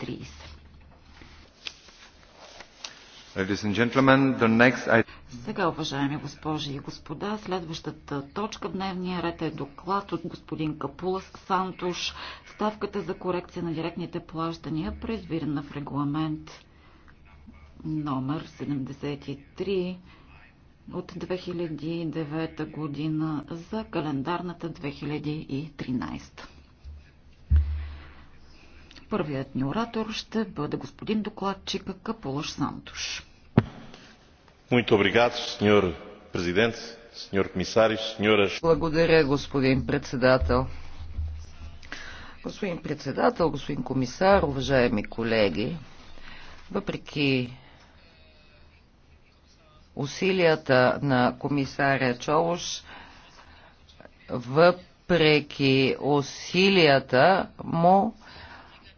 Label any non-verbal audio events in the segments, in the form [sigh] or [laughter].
30. Сега, уважаеми госпожи и господа, следващата точка в дневния ред е доклад от господин Капулас Сантуш. Ставката за корекция на директните плащания, предвидена в регламент номер 73 от 2009 година за календарната 2013. Първият ни оратор ще бъде господин докладчика Капулаш Сантош. Muito obrigado, senhor президент, senhor комисар, senhora... Благодаря, господин председател. Господин председател, господин комисар, уважаеми колеги, въпреки усилията на комисаря Чолош, въпреки усилията му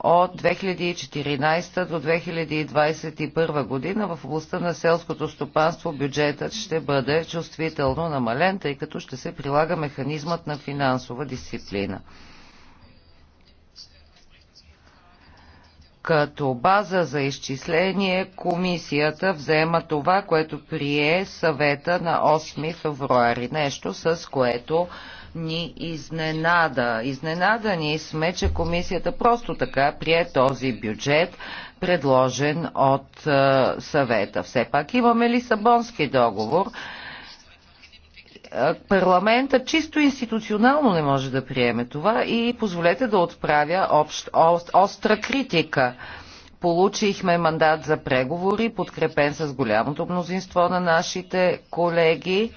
от 2014 до 2021 година в областта на селското стопанство бюджетът ще бъде чувствително намален, тъй като ще се прилага механизмът на финансова дисциплина. Като база за изчисление комисията взема това, което прие съвета на 8 февруари. Нещо с което ни изненада. Изненадани сме, че комисията просто така прие този бюджет, предложен от е, съвета. Все пак имаме Лисабонски договор. Е, парламента чисто институционално не може да приеме това и позволете да отправя общ, остра критика. Получихме мандат за преговори, подкрепен с голямото мнозинство на нашите колеги.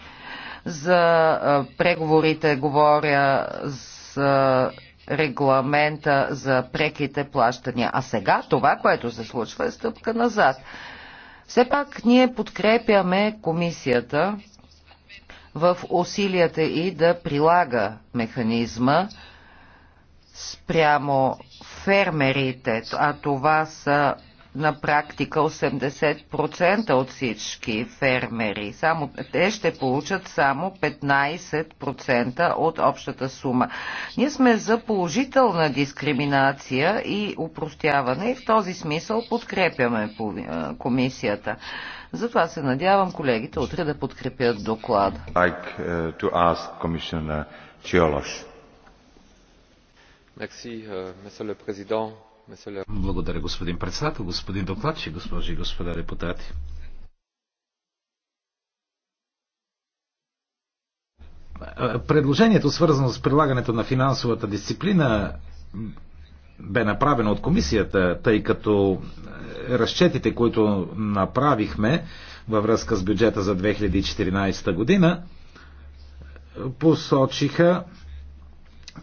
За преговорите говоря с регламента за преките плащания. А сега това, което се случва е стъпка назад. Все пак ние подкрепяме комисията в усилията и да прилага механизма спрямо фермерите, а това са на практика 80% от всички фермери. Само, те ще получат само 15% от общата сума. Ние сме за положителна дискриминация и упростяване и в този смисъл подкрепяме комисията. Затова се надявам колегите утре да подкрепят доклада. Like, uh, Merci, uh, благодаря, господин председател, господин докладчик, госпожи и господа депутати. Предложението, свързано с прилагането на финансовата дисциплина, бе направено от комисията, тъй като е, разчетите, които направихме във връзка с бюджета за 2014 година, посочиха,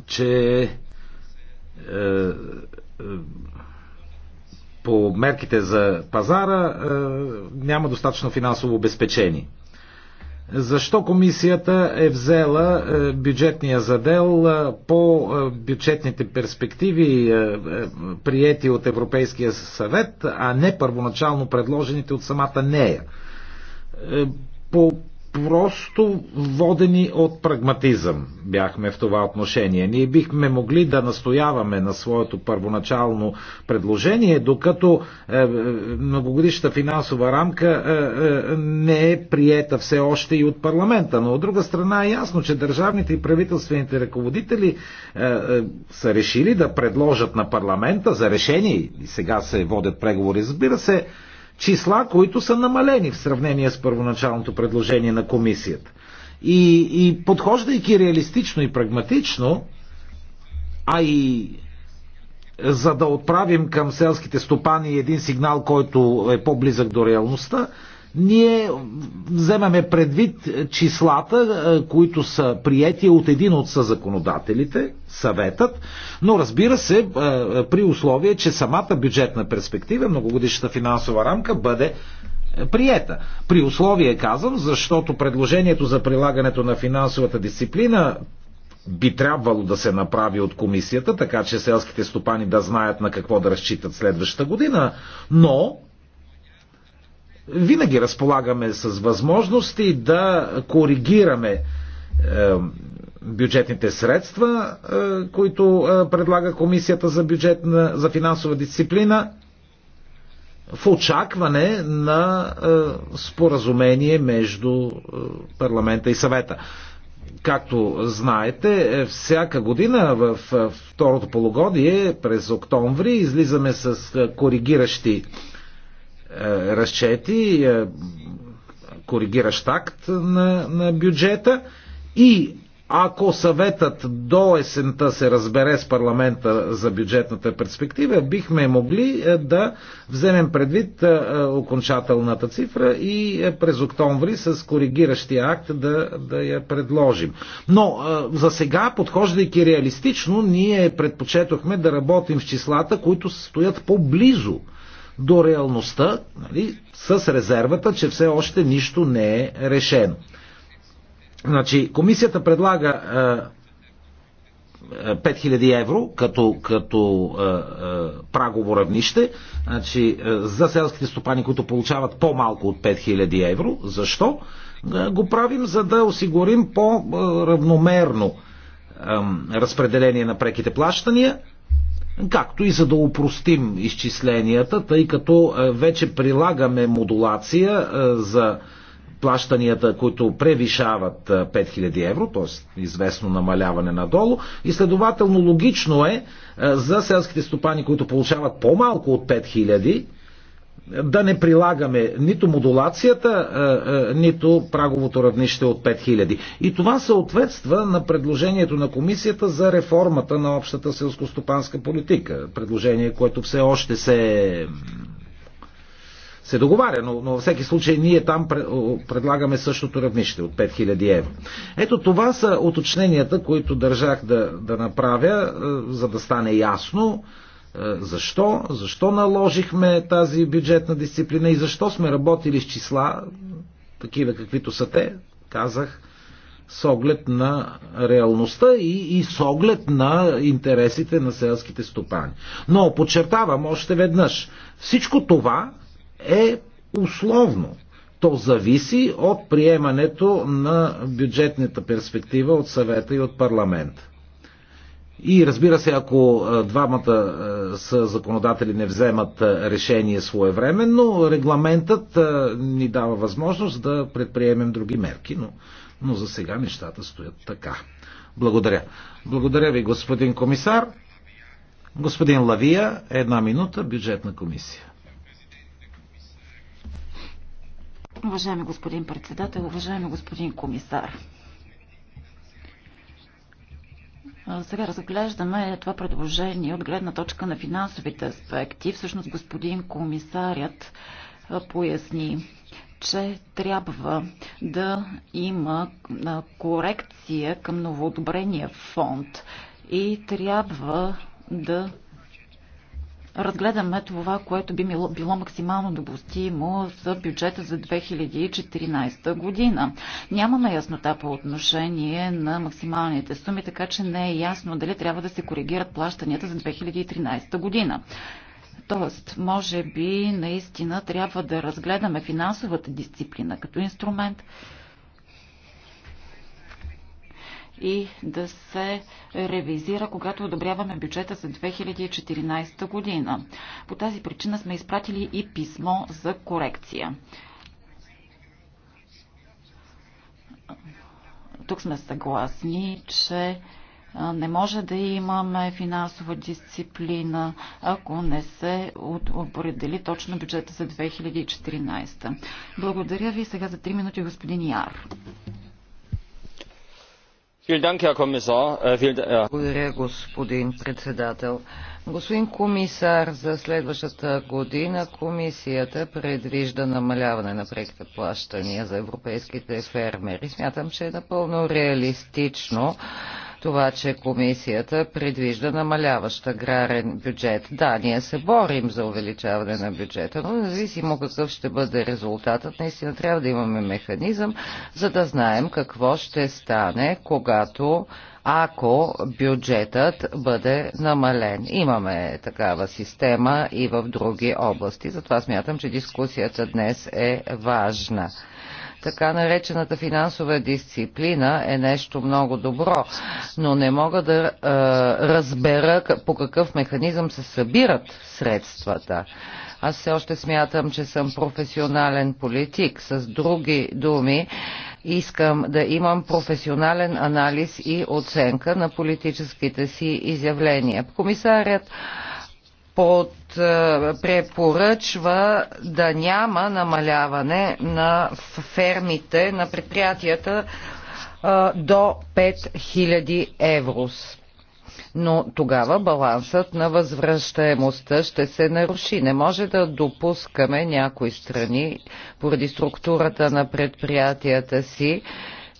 че е, е, по мерките за пазара е, няма достатъчно финансово обезпечени. Защо комисията е взела бюджетния задел по бюджетните перспективи, приети от Европейския съвет, а не първоначално предложените от самата нея? По просто водени от прагматизъм бяхме в това отношение. Ние бихме могли да настояваме на своето първоначално предложение, докато е, е, многогодишната финансова рамка е, е, не е приета все още и от парламента. Но от друга страна е ясно, че държавните и правителствените ръководители е, е, са решили да предложат на парламента за решение и сега се водят преговори, разбира се, числа, които са намалени в сравнение с първоначалното предложение на комисията. И, и подхождайки реалистично и прагматично, а и за да отправим към селските стопани един сигнал, който е по-близък до реалността, ние вземаме предвид числата, е, които са приети от един от съзаконодателите, съветът, но разбира се, е, при условие, че самата бюджетна перспектива, многогодишната финансова рамка бъде е, приета. При условие казвам, защото предложението за прилагането на финансовата дисциплина би трябвало да се направи от комисията, така че селските стопани да знаят на какво да разчитат следващата година, но винаги разполагаме с възможности да коригираме е, бюджетните средства, е, които е, предлага Комисията за бюджет за финансова дисциплина, в очакване на споразумение между парламента и съвета. Както знаете, всяка година в второто полугодие през октомври излизаме с коригиращи е, разчети, е, коригиращ акт на, на бюджета и ако съветът до есента се разбере с парламента за бюджетната перспектива, бихме могли е, да вземем предвид окончателната цифра и през октомври с коригиращия акт да, да я предложим. Но за сега, подхождайки реалистично, ние предпочетохме да работим с числата, които стоят по-близо до реалността нали, с резервата, че все още нищо не е решено. Значи, комисията предлага 5000 евро като, като е, е, прагово равнище значи, е, за селските стопани, които получават по-малко от 5000 евро. Защо? Е, го правим, за да осигурим по-равномерно разпределение на преките плащания както и за да упростим изчисленията, тъй като е, вече прилагаме модулация е, за плащанията, които превишават 5000 е, евро, т.е. известно намаляване надолу. И следователно логично е за селските стопани, които получават по-малко от 5000, да не прилагаме нито модулацията, нито праговото равнище от 5000. И това съответства на предложението на комисията за реформата на общата селскостопанска политика. Предложение, което все още се се договаря, но, но във всеки случай ние там предлагаме същото равнище от 5000 евро. Ето това са уточненията, които държах да, да направя, за да стане ясно е, защо? Защо наложихме тази бюджетна дисциплина и защо сме работили с числа, такива каквито са те, казах, с оглед на реалността и, и с оглед на интересите на селските стопани. Но подчертавам още веднъж, всичко това е условно. То зависи от приемането на бюджетната перспектива от съвета и от парламента. И разбира се, ако двамата са законодатели не вземат решение своевременно, регламентът ни дава възможност да предприемем други мерки, но, но за сега нещата стоят така. Благодаря. Благодаря ви, господин комисар. Господин Лавия, една минута, бюджетна комисия. Уважаеми господин председател, уважаеми господин комисар. Сега разглеждаме това предложение от гледна точка на финансовите аспекти. Всъщност господин комисарят поясни, че трябва да има корекция към новоодобрения фонд и трябва да разгледаме това, което би било, било максимално допустимо за бюджета за 2014 година. Нямаме яснота по отношение на максималните суми, така че не е ясно дали трябва да се коригират плащанията за 2013 година. Тоест, може би наистина трябва да разгледаме финансовата дисциплина като инструмент, и да се ревизира, когато одобряваме бюджета за 2014 година. По тази причина сме изпратили и писмо за корекция. Тук сме съгласни, че не може да имаме финансова дисциплина, ако не се определи точно бюджета за 2014. Благодаря ви сега за 3 минути, господин Яр. Äh, Благодаря, господин председател. Господин комисар, за следващата година комисията предвижда намаляване на преките плащания за европейските фермери. Смятам, че е напълно реалистично това, че комисията предвижда намаляващ аграрен бюджет. Да, ние се борим за увеличаване на бюджета, но независимо какъв ще бъде резултатът, наистина трябва да имаме механизъм, за да знаем какво ще стане, когато ако бюджетът бъде намален. Имаме такава система и в други области, затова смятам, че дискусията днес е важна. Така наречената финансова дисциплина е нещо много добро, но не мога да е, разбера по какъв механизъм се събират средствата. Аз все още смятам, че съм професионален политик. С други думи, искам да имам професионален анализ и оценка на политическите си изявления. Комисарят под, е, препоръчва да няма намаляване на фермите на предприятията е, до 5000 евро. Но тогава балансът на възвръщаемостта ще се наруши. Не може да допускаме някои страни, поради структурата на предприятията си,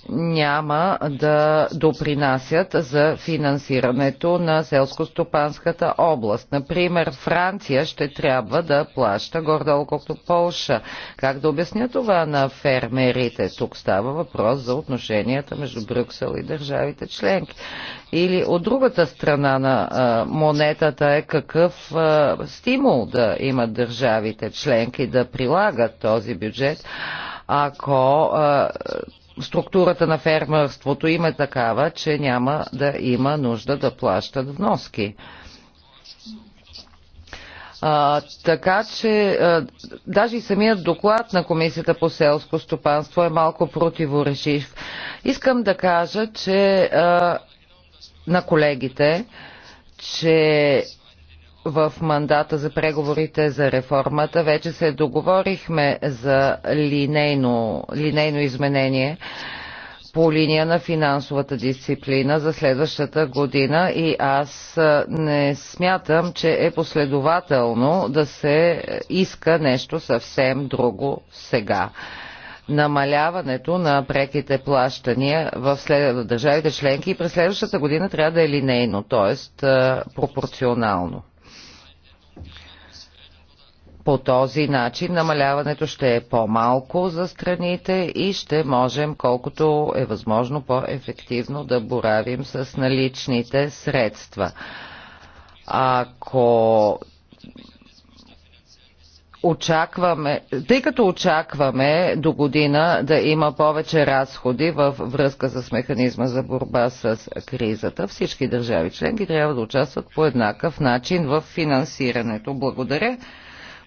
няма да допринасят за финансирането на селско-стопанската област. Например, Франция ще трябва да плаща гордо колкото Полша. Как да обясня това на фермерите? Тук става въпрос за отношенията между Брюксел и държавите членки. Или от другата страна на а, монетата е какъв а, стимул да имат държавите членки да прилагат този бюджет, ако а, структурата на фермерството им е такава, че няма да има нужда да плащат вноски. А, така че а, даже и самият доклад на Комисията по селско стопанство е малко противоречив. Искам да кажа, че а, на колегите, че в мандата за преговорите за реформата вече се договорихме за линейно, линейно изменение по линия на финансовата дисциплина за следващата година и аз не смятам, че е последователно да се иска нещо съвсем друго сега намаляването на преките плащания в след... държавите членки и през следващата година трябва да е линейно, т.е. пропорционално. По този начин намаляването ще е по-малко за страните и ще можем колкото е възможно по-ефективно да боравим с наличните средства. Ако очакваме, тъй като очакваме до година да има повече разходи в връзка с механизма за борба с кризата, всички държави членки трябва да участват по еднакъв начин в финансирането. Благодаря.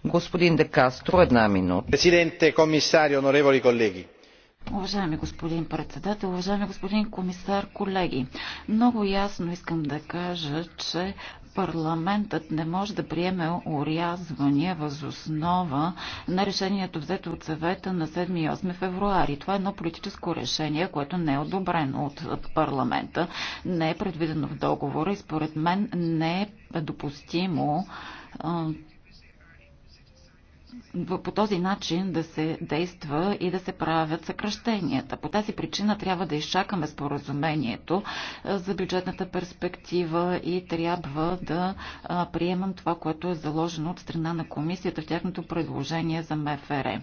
Господин Де Кастро, една минута. Президенте, комисари, оноревали колеги. Уважаеми господин председател, уважаеми господин комисар, колеги, много ясно искам да кажа, че парламентът не може да приеме урязвания въз основа на решението взето от съвета на 7 и 8 февруари. Това е едно политическо решение, което не е одобрено от парламента, не е предвидено в договора и според мен не е допустимо по този начин да се действа и да се правят съкръщенията. По тази причина трябва да изчакаме споразумението за бюджетната перспектива и трябва да приемам това, което е заложено от страна на комисията в тяхното предложение за МФР.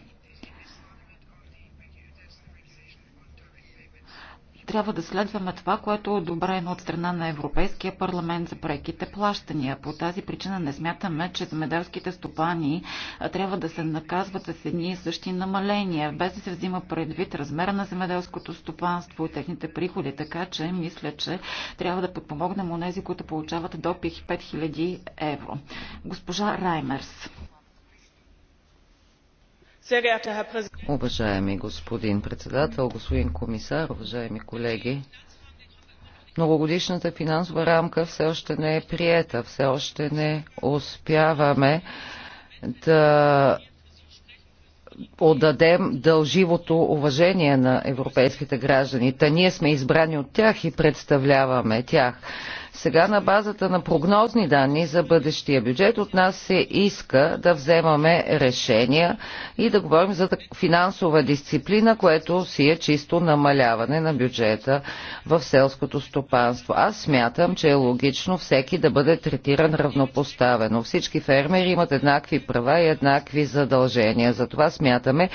трябва да следваме това, което е одобрено от страна на Европейския парламент за преките плащания. По тази причина не смятаме, че земеделските стопани трябва да се наказват с едни и същи намаления, без да се взима предвид размера на земеделското стопанство и техните приходи. Така че мисля, че трябва да подпомогнем у нези, които получават до 5000 евро. Госпожа Раймерс. Уважаеми господин председател, господин комисар, уважаеми колеги, многогодишната финансова рамка все още не е приета, все още не успяваме да отдадем дълживото уважение на европейските граждани. Та ние сме избрани от тях и представляваме тях. Сега на базата на прогнозни данни за бъдещия бюджет от нас се иска да вземаме решения и да говорим за финансова дисциплина, което си е чисто намаляване на бюджета в селското стопанство. Аз смятам, че е логично всеки да бъде третиран равнопоставено. Всички фермери имат еднакви права и еднакви задължения. Затова смятаме,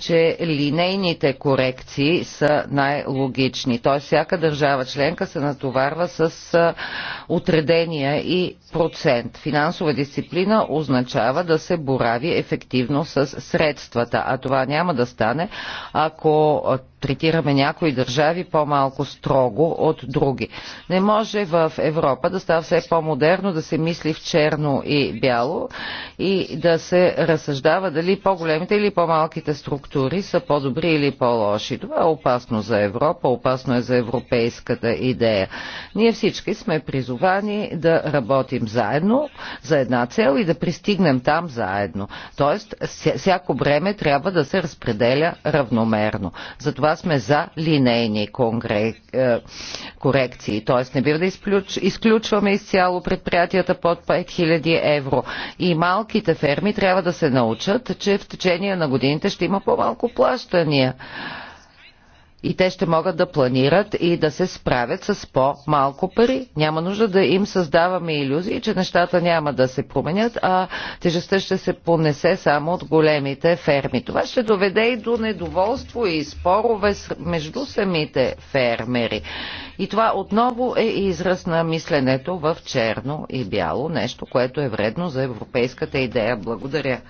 че линейните корекции са най-логични. Тоест, всяка държава членка се натоварва с отредения и процент. Финансова дисциплина означава да се борави ефективно с средствата, а това няма да стане, ако третираме някои държави по-малко строго от други. Не може в Европа да става все по-модерно да се мисли в черно и бяло и да се разсъждава дали по-големите или по-малките структури са по-добри или по-лоши. Това е опасно за Европа, опасно е за европейската идея. Ние всички сме призовани да работим заедно за една цел и да пристигнем там заедно. Тоест, всяко време трябва да се разпределя равномерно. Затова затова сме за линейни е, корекции. Т.е. не бива да изключваме изцяло предприятията под 5000 евро. И малките ферми трябва да се научат, че в течение на годините ще има по-малко плащания и те ще могат да планират и да се справят с по-малко пари. Няма нужда да им създаваме иллюзии, че нещата няма да се променят, а тежестта ще се понесе само от големите ферми. Това ще доведе и до недоволство и спорове между самите фермери. И това отново е израз на мисленето в черно и бяло, нещо, което е вредно за европейската идея. Благодаря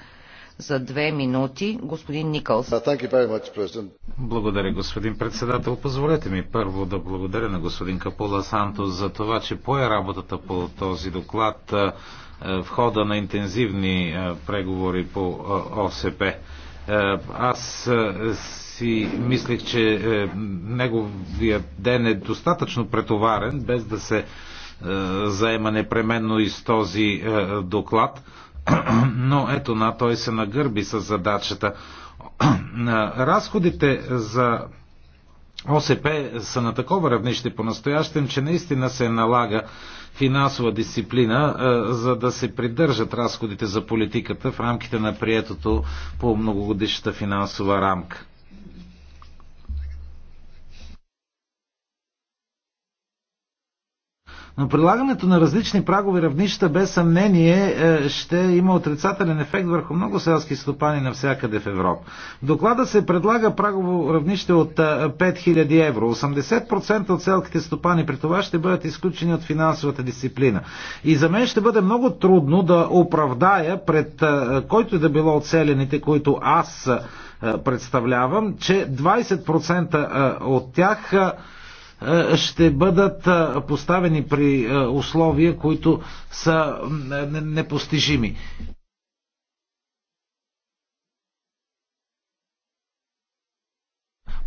за две минути господин Николс. Uh, благодаря, господин председател. Позволете ми първо да благодаря на господин Капула Сантос за това, че пое работата по този доклад uh, в хода на интензивни uh, преговори по ОСП. Аз си мислех, че неговият ден е достатъчно претоварен, без да се заема непременно и с този доклад. [clears throat] Но ето на той се нагърби с задачата. [clears throat] Разходите за ОСП са на такова равнище по-настоящем, че наистина се налага финансова дисциплина, за да се придържат разходите за политиката в рамките на приетото по многогодишната финансова рамка. Но прилагането на различни прагови равнища без съмнение е, ще има отрицателен ефект върху много селски стопани навсякъде в Европа. В доклада се предлага прагово равнище от 5000 е, евро. 80% от селските стопани при това ще бъдат изключени от финансовата дисциплина. И за мен ще бъде много трудно да оправдая пред е, който и да било оцелените, които аз представлявам, че 20% от тях е, ще бъдат е, поставени при е, условия, които са непостижими.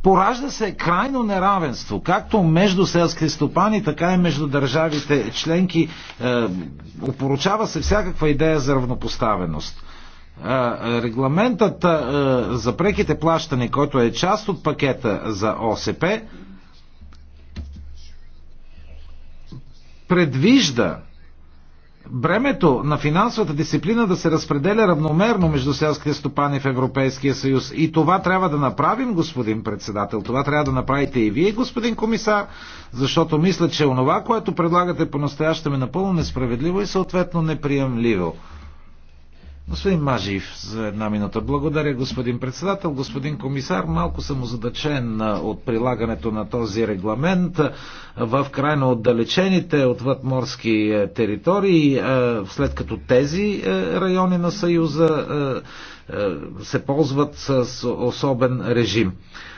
Поражда се крайно неравенство, както между селските стопани, така и между държавите членки. Опоручава се всякаква идея за равнопоставеност регламентът за преките плащане, който е част от пакета за ОСП, предвижда бремето на финансовата дисциплина да се разпределя равномерно между селските стопани в Европейския съюз. И това трябва да направим, господин председател. Това трябва да направите и вие, господин комисар, защото мисля, че онова, което предлагате по-настоящем е напълно несправедливо и съответно неприемливо. Господин Мажиев, за една минута. Благодаря, господин председател. Господин комисар, малко съм озадачен от прилагането на този регламент в крайно отдалечените отвъд морски територии, след като тези райони на Съюза се ползват с особен режим.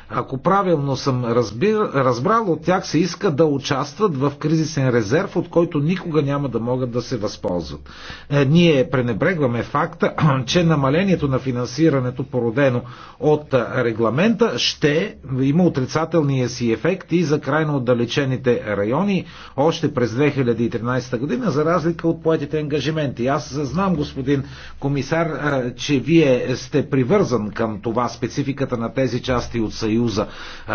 Ако правилно съм разбир, разбрал, от тях се иска да участват в кризисен резерв, от който никога няма да могат да се възползват. Е, ние пренебрегваме факта, [clears throat] че намалението на финансирането, породено от регламента, ще има отрицателния си ефект и за крайно отдалечените райони още през 2013 година, за разлика от поетите ангажименти. Аз знам, господин комисар, че вие сте привързан към това спецификата на тези части от Съюз Съюза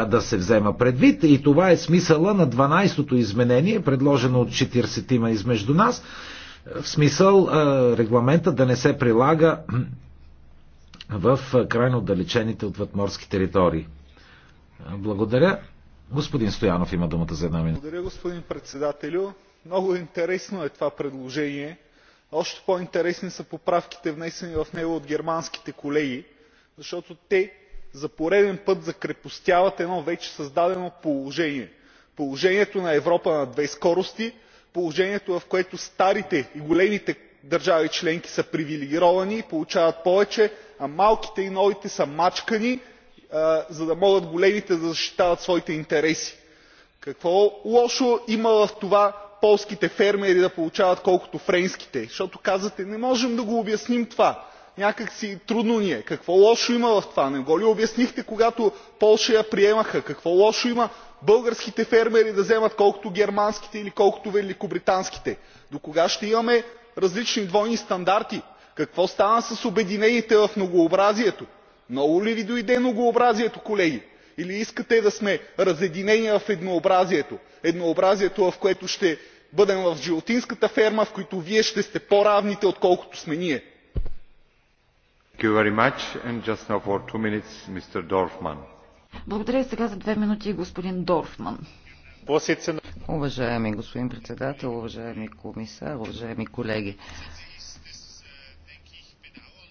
да се взема предвид. И това е смисъла на 12-то изменение, предложено от 40 тима измежду нас. В смисъл регламента да не се прилага в крайно отдалечените от вътморски територии. Благодаря. Господин Стоянов има думата за една минута. Благодаря, господин председателю. Много интересно е това предложение. Още по-интересни са поправките внесени в него от германските колеги, защото те за пореден път закрепостяват едно вече създадено положение – положението на европа на две скорости положението в което старите и големите държави членки са привилегировани и получават повече а малките и новите са мачкани за да могат големите да защитават своите интереси. какво лошо има в това полските фермери да получават колкото френските? защото казвате не можем да го обясним това някак си трудно ни е. Какво лошо има в това? Не го ли обяснихте, когато Полша я приемаха? Какво лошо има българските фермери да вземат колкото германските или колкото великобританските? До кога ще имаме различни двойни стандарти? Какво стана с обединените в многообразието? Много ли ви дойде многообразието, колеги? Или искате да сме разединени в еднообразието? Еднообразието, в което ще бъдем в животинската ферма, в които вие ще сте по-равните, отколкото сме ние. Благодаря и сега за две минути господин Дорфман. Уважаеми господин председател, уважаеми комисар, уважаеми колеги.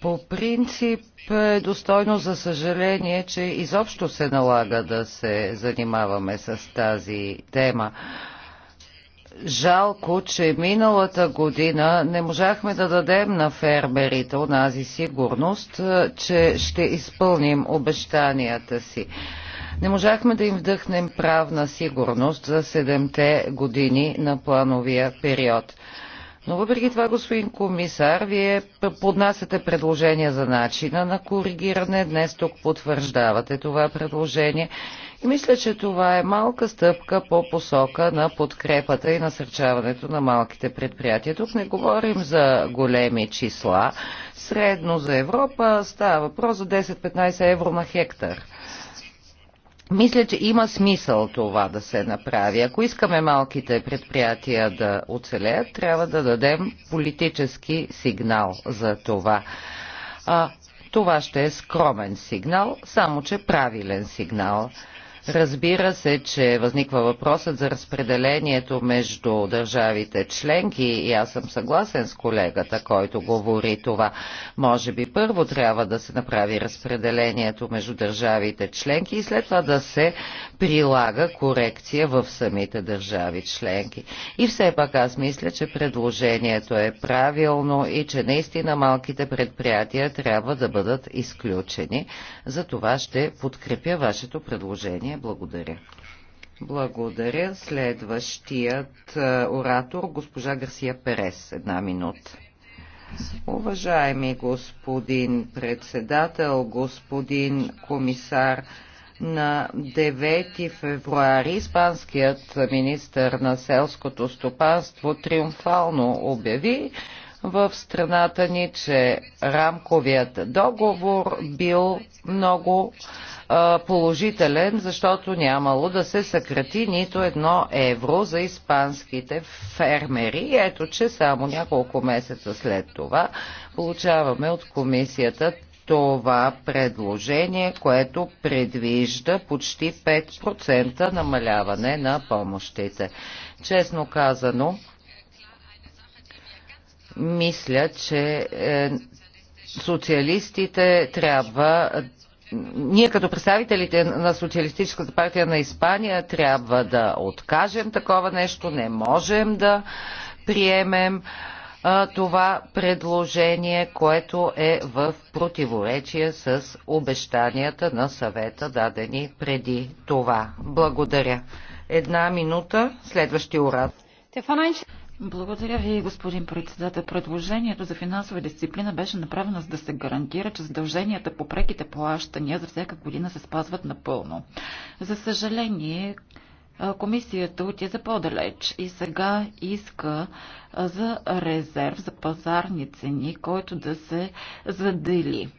По принцип е достойно за съжаление, че изобщо се налага да се занимаваме с тази тема. Жалко, че миналата година не можахме да дадем на фермерите онази сигурност, е, че ще изпълним обещанията си. Не можахме да им вдъхнем правна сигурност за седемте години на плановия период. Но въпреки това, господин комисар, вие поднасяте предложения за начина на коригиране. Днес тук потвърждавате това предложение и мисля, че това е малка стъпка по посока на подкрепата и насърчаването на малките предприятия. Тук не говорим за големи числа. Средно за Европа става въпрос за 10-15 евро на хектар. Мисля, че има смисъл това да се направи. Ако искаме малките предприятия да оцелеят, трябва да дадем политически сигнал за това. А, това ще е скромен сигнал, само че правилен сигнал. Разбира се, че възниква въпросът за разпределението между държавите членки и аз съм съгласен с колегата, който говори това. Може би първо трябва да се направи разпределението между държавите членки и след това да се прилага корекция в самите държави членки. И все пак аз мисля, че предложението е правилно и че наистина малките предприятия трябва да бъдат изключени. За това ще подкрепя вашето предложение изменения. Благодаря. Благодаря. Следващият оратор, госпожа Гарсия Перес. Една минута. Уважаеми господин председател, господин комисар, на 9 февруари испанският министр на селското стопанство триумфално обяви в страната ни, че рамковият договор бил много положителен, защото нямало да се съкрати нито едно евро за испанските фермери. И ето, че само няколко месеца след това получаваме от комисията това предложение, което предвижда почти 5% намаляване на помощите. Честно казано, мисля, че е, социалистите трябва ние като представителите на Социалистическата партия на Испания трябва да откажем такова нещо, не можем да приемем а, това предложение, което е в противоречие с обещанията на съвета, дадени преди това. Благодаря. Една минута, следващия урад. Благодаря ви, господин председател. Предложението за финансова дисциплина беше направено за да се гарантира, че задълженията по преките плащания за всяка година се спазват напълно. За съжаление, комисията отиде по-далеч и сега иска за резерв, за пазарни цени, който да се задели.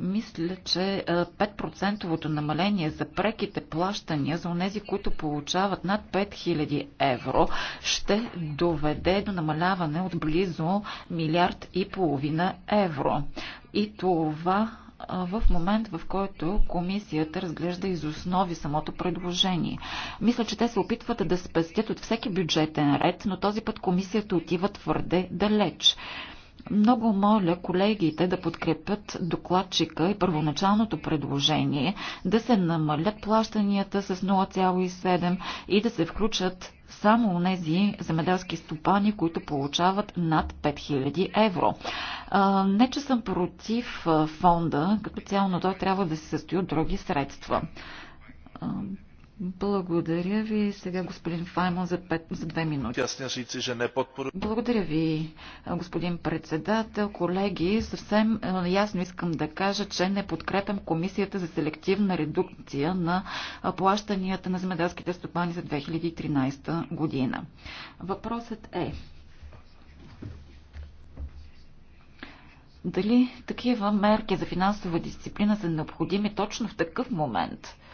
Мисля, че 5 намаление за преките плащания за онези, които получават над 5000 евро, ще доведе до намаляване от близо милиард и половина евро. И това в момент, в който комисията разглежда из основи самото предложение. Мисля, че те се опитват да спестят от всеки бюджетен ред, но този път комисията отива твърде далеч. Много моля колегите да подкрепят докладчика и първоначалното предложение да се намалят плащанията с 0,7 и да се включат само у нези земеделски стопани, които получават над 5000 евро. А, не, че съм против фонда, като цяло, но той трябва да се състои от други средства. Благодаря ви. Сега господин Файман за, пет, за две минути. Благодаря ви, господин председател, колеги. Съвсем е, ясно искам да кажа, че не подкрепям комисията за селективна редукция на плащанията на земеделските стопани за 2013 година. Въпросът е, дали такива мерки за финансова дисциплина са необходими точно в такъв момент –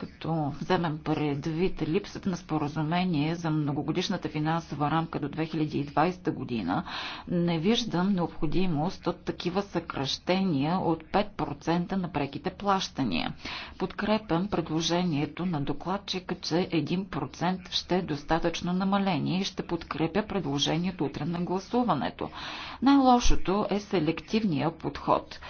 като вземем предвид липсата на споразумение за многогодишната финансова рамка до 2020 година, не виждам необходимост от такива съкръщения от 5% на преките плащания. Подкрепям предложението на докладчика, че 1% ще е достатъчно намаление и ще подкрепя предложението утре на гласуването. Най-лошото е селективния подход –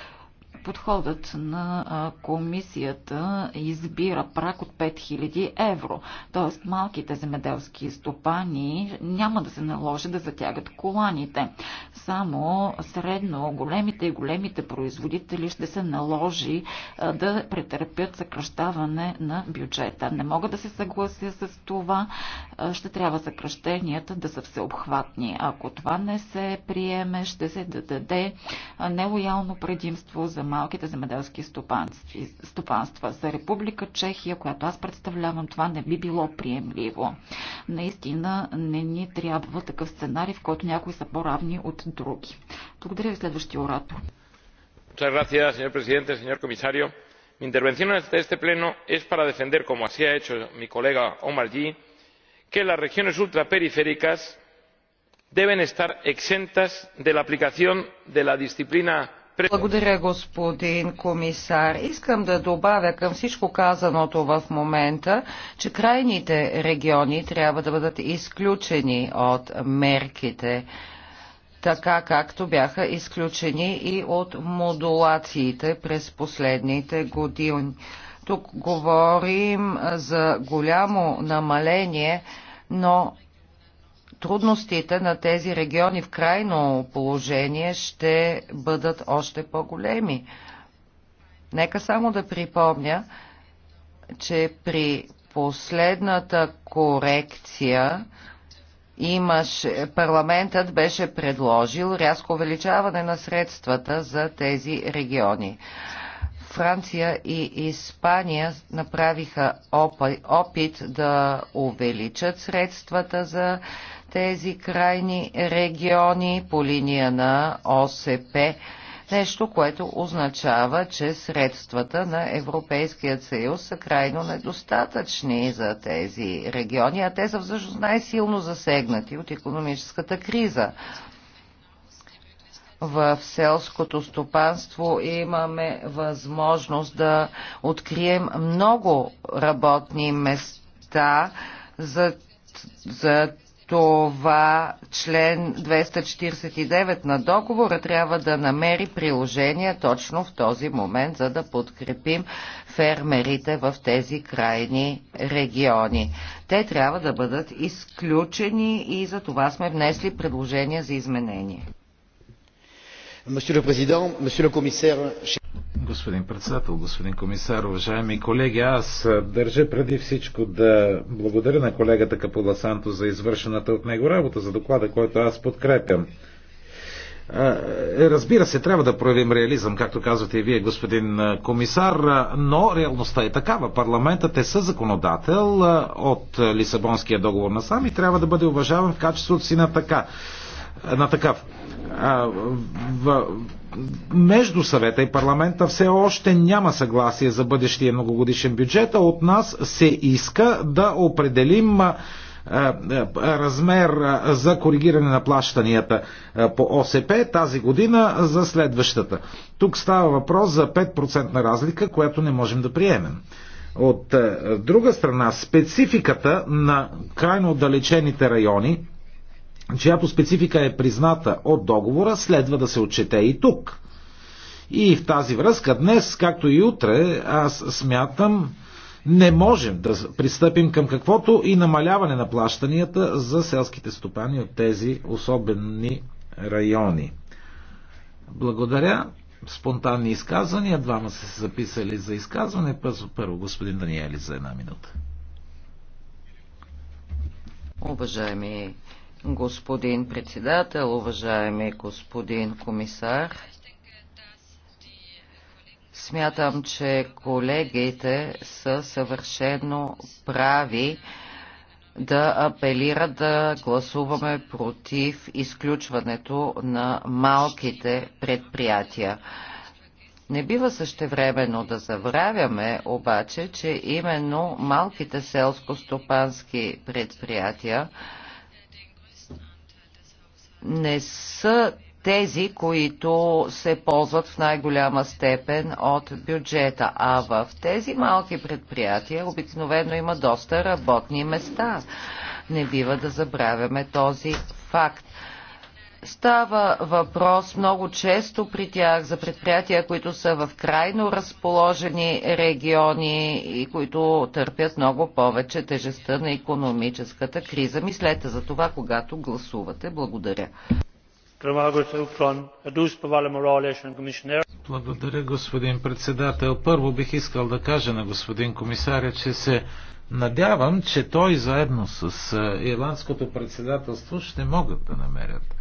подходът на комисията избира прак от 5000 евро. Т.е. малките земеделски стопани няма да се наложи да затягат коланите. Само средно големите и големите производители ще се наложи да претърпят съкръщаване на бюджета. Не мога да се съглася с това. Ще трябва съкръщенията да са всеобхватни. Ако това не се приеме, ще се даде нелоялно предимство за за малките земеделски стопанства. За Република Чехия, която аз представлявам, това не би било приемливо. Наистина не ни трябва такъв сценарий, в който някои са по-равни от други. Благодаря ви следващия оратор. Muchas gracias, señor presidente, señor comisario. Mi intervención en este pleno es para defender, como así ha hecho mi colega Omar G., que las regiones ultraperiféricas deben estar exentas de la aplicación de la disciplina благодаря, господин комисар. Искам да добавя към всичко казаното в момента, че крайните региони трябва да бъдат изключени от мерките, така както бяха изключени и от модулациите през последните години. Тук говорим за голямо намаление, но трудностите на тези региони в крайно положение ще бъдат още по-големи. Нека само да припомня, че при последната корекция имаш, парламентът беше предложил рязко увеличаване на средствата за тези региони. Франция и Испания направиха опит да увеличат средствата за тези крайни региони по линия на ОСП. Нещо, което означава, че средствата на Европейския съюз са крайно недостатъчни за тези региони, а те са всъщност най-силно засегнати от економическата криза в селското стопанство имаме възможност да открием много работни места за, за това член 249 на договора трябва да намери приложение точно в този момент, за да подкрепим фермерите в тези крайни региони. Те трябва да бъдат изключени и за това сме внесли предложение за изменение. Monsieur le Président, Monsieur le Commissaire, Господин председател, господин комисар, уважаеми колеги, аз държа преди всичко да благодаря на колегата Капула Санто за извършената от него работа, за доклада, който аз подкрепям. Разбира се, трябва да проявим реализъм, както казвате и вие, господин комисар, но реалността е такава. Парламентът е със законодател от Лисабонския договор на сам и трябва да бъде уважаван в качеството си на така. На такъв между съвета и парламента все още няма съгласие за бъдещия многогодишен бюджет, а от нас се иска да определим размер за коригиране на плащанията по ОСП тази година за следващата. Тук става въпрос за 5% разлика, която не можем да приемем. От друга страна, спецификата на крайно отдалечените райони чиято специфика е призната от договора, следва да се отчете и тук. И в тази връзка днес, както и утре, аз смятам, не можем да пристъпим към каквото и намаляване на плащанията за селските стопани от тези особени райони. Благодаря. Спонтанни изказвания. Двама са се записали за изказване. Първо, господин Даниели за една минута. Уважаеми господин председател, уважаеми господин комисар. Смятам, че колегите са съвършено прави да апелират да гласуваме против изключването на малките предприятия. Не бива същевременно да забравяме обаче, че именно малките селско-стопански предприятия не са тези, които се ползват в най-голяма степен от бюджета. А в тези малки предприятия обикновено има доста работни места. Не бива да забравяме този факт. Става въпрос много често при тях за предприятия, които са в крайно разположени региони и които търпят много повече тежестта на економическата криза. Мислете за това, когато гласувате. Благодаря. Благодаря, господин председател. Първо бих искал да кажа на господин комисаря, че се надявам, че той заедно с е, ирландското председателство ще могат да намерят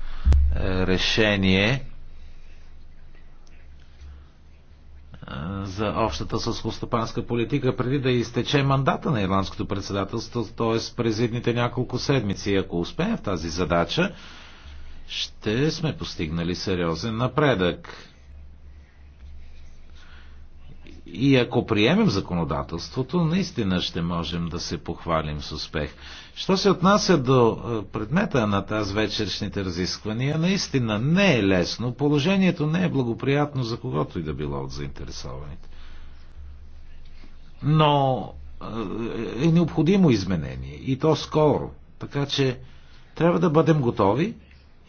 е, решение е, за общата сълскостопанска политика преди да изтече мандата на ирландското председателство, т.е. през едните няколко седмици. И ако успеем в тази задача, ще сме постигнали сериозен напредък. И ако приемем законодателството, наистина ще можем да се похвалим с успех. Що се отнася до е, предмета на тази вечершните разисквания, наистина не е лесно. Положението не е благоприятно за когото и да било от заинтересованите. Но е, е, е необходимо изменение и то скоро. Така че трябва да бъдем готови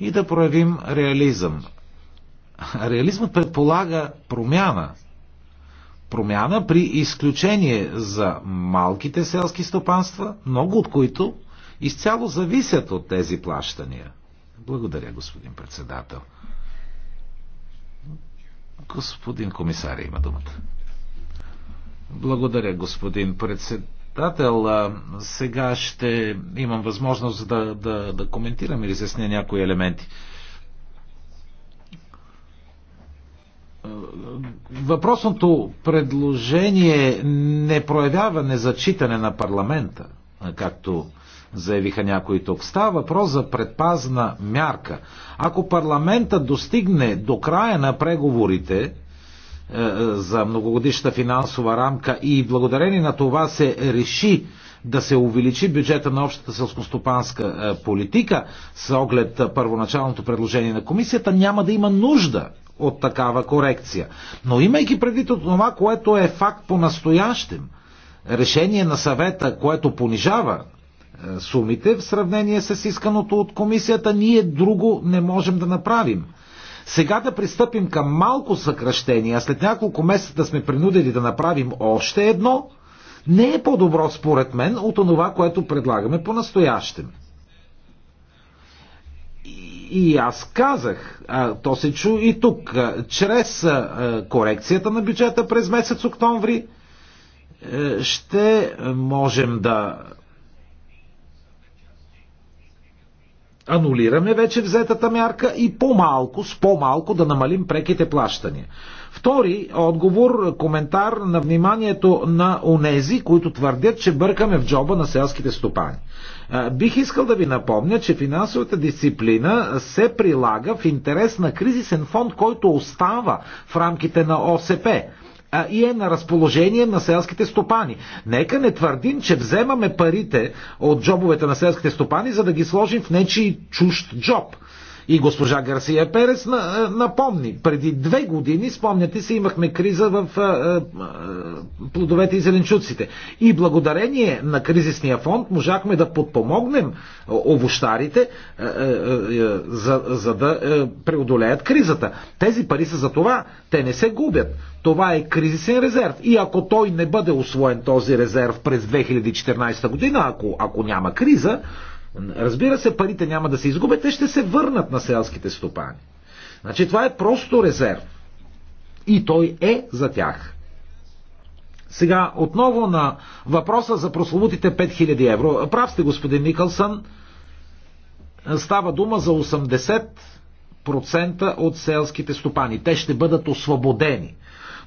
и да проявим реализъм. Реализмът предполага промяна промяна при изключение за малките селски стопанства, много от които изцяло зависят от тези плащания. Благодаря, господин председател. Господин комисаря има думата. Благодаря, господин председател. Сега ще имам възможност да, да, да коментирам и разясня някои елементи. въпросното предложение не проявява незачитане на парламента, както заявиха някои тук. Става въпрос за предпазна мярка. Ако парламента достигне до края на преговорите, е, е, за многогодишна финансова рамка и благодарение на това се реши да се увеличи бюджета на общата селскостопанска е, политика с оглед първоначалното предложение на комисията, няма да има нужда от такава корекция. Но имайки предвид от това, което е факт по-настоящем, решение на съвета, което понижава е, сумите в сравнение с исканото от комисията, ние друго не можем да направим. Сега да пристъпим към малко съкръщение, а след няколко месеца да сме принудени да направим още едно, не е по-добро според мен от това, което предлагаме по-настоящем. И аз казах, а, то се чу и тук, а, чрез а, корекцията на бюджета през месец октомври а, ще можем да анулираме вече взетата мярка и по-малко, с по-малко да намалим преките плащания. Втори отговор, коментар на вниманието на онези, които твърдят, че бъркаме в джоба на селските стопани. Бих искал да ви напомня, че финансовата дисциплина се прилага в интерес на кризисен фонд, който остава в рамките на ОСП и е на разположение на селските стопани. Нека не твърдим, че вземаме парите от джобовете на селските стопани, за да ги сложим в нечи чужд джоб. И госпожа Гарсия Перес е, напомни, преди две години, спомняте се, имахме криза в е, е, плодовете и зеленчуците. И благодарение на кризисния фонд можахме да подпомогнем овощарите, за, за да преодолеят кризата. Тези пари са за това, те не се губят. Това е кризисен резерв. И ако той не бъде освоен този резерв през 2014 година, ако, ако няма криза, Разбира се, парите няма да се изгубят, те ще се върнат на селските стопани. Значи това е просто резерв. И той е за тях. Сега отново на въпроса за прословутите 5000 евро. Прав сте, господин Никълсън. Става дума за 80% от селските стопани. Те ще бъдат освободени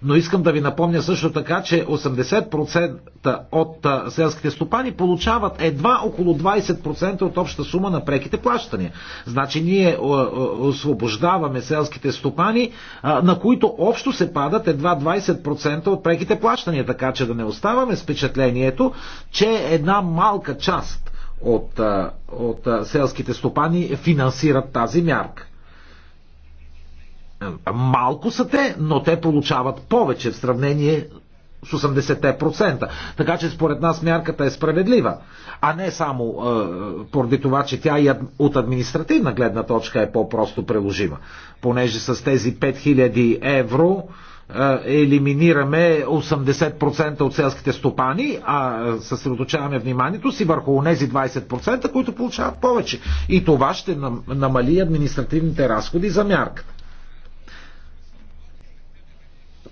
но искам да ви напомня също така, че 80% от селските стопани получават едва около 20% от общата сума на преките плащания. Значи ние освобождаваме селските стопани, на които общо се падат едва 20% от преките плащания, така че да не оставаме с впечатлението, че една малка част от, от селските стопани финансират тази мярка. Е, малко са те, но те получават повече в сравнение с 80%. Така че според нас мярката е справедлива, а не само е, поради това, че тя и от административна гледна точка е по-просто приложима. Понеже с тези 5000 евро е, елиминираме 80% от селските стопани, а е, съсредоточаваме вниманието си върху тези 20%, които получават повече. И това ще намали административните разходи за мярката.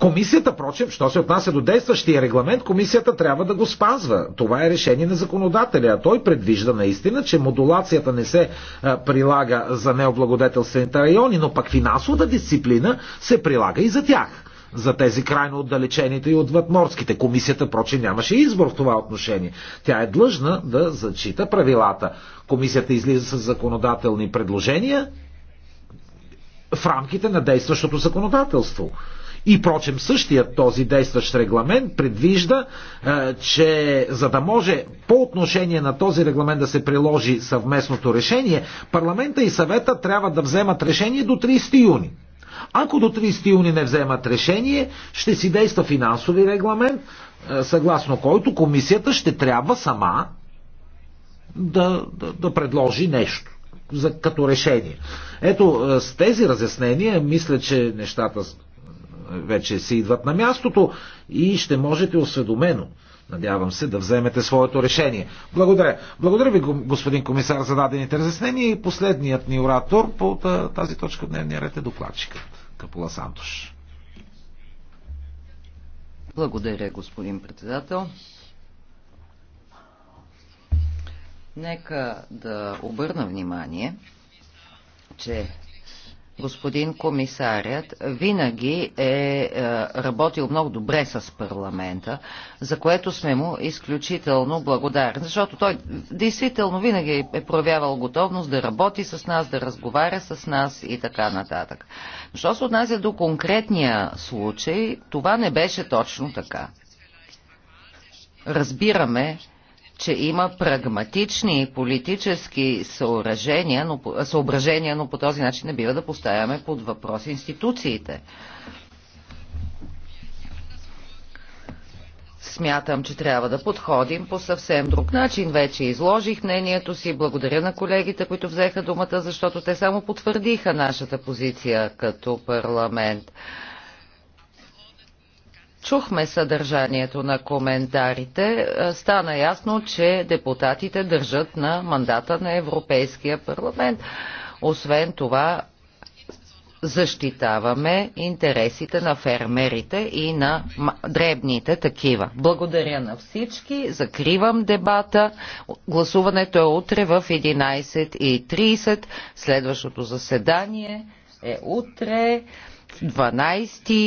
Комисията, прочем, що се отнася до действащия регламент, комисията трябва да го спазва. Това е решение на законодателя. А той предвижда наистина, че модулацията не се прилага за необлагодетелствените райони, но пък финансовата дисциплина се прилага и за тях за тези крайно отдалечените и отвъдморските. Комисията, проче, нямаше избор в това отношение. Тя е длъжна да зачита правилата. Комисията излиза с законодателни предложения в рамките на действащото законодателство. И прочем, същия този действащ регламент предвижда, е, че за да може по отношение на този регламент да се приложи съвместното решение, парламента и съвета трябва да вземат решение до 30 юни. Ако до 30 юни не вземат решение, ще си действа финансови регламент, е, съгласно който комисията ще трябва сама да, да, да предложи нещо за, като решение. Ето, е, с тези разяснения, мисля, че нещата вече си идват на мястото и ще можете осведомено надявам се да вземете своето решение. Благодаря. Благодаря ви, господин комисар, за дадените разяснения и последният ни оратор по тази точка дневния ред е докладчикът Капула Сантош. Благодаря, господин председател. Нека да обърна внимание, че господин комисарят винаги е, е работил много добре с парламента, за което сме му изключително благодарни, защото той действително винаги е проявявал готовност да работи с нас, да разговаря с нас и така нататък. Що се отнася до конкретния случай, това не беше точно така. Разбираме, че има прагматични политически съоръжения, но, съображения, но по този начин не бива да поставяме под въпрос институциите. Смятам, че трябва да подходим по съвсем друг начин. Вече изложих мнението си. Благодаря на колегите, които взеха думата, защото те само потвърдиха нашата позиция като парламент. Чухме съдържанието на коментарите. Е, стана ясно, че депутатите държат на мандата на Европейския парламент. Освен това, защитаваме интересите на фермерите и на дребните такива. Благодаря на всички. Закривам дебата. Гласуването е утре в 11.30. Следващото заседание е утре в 12.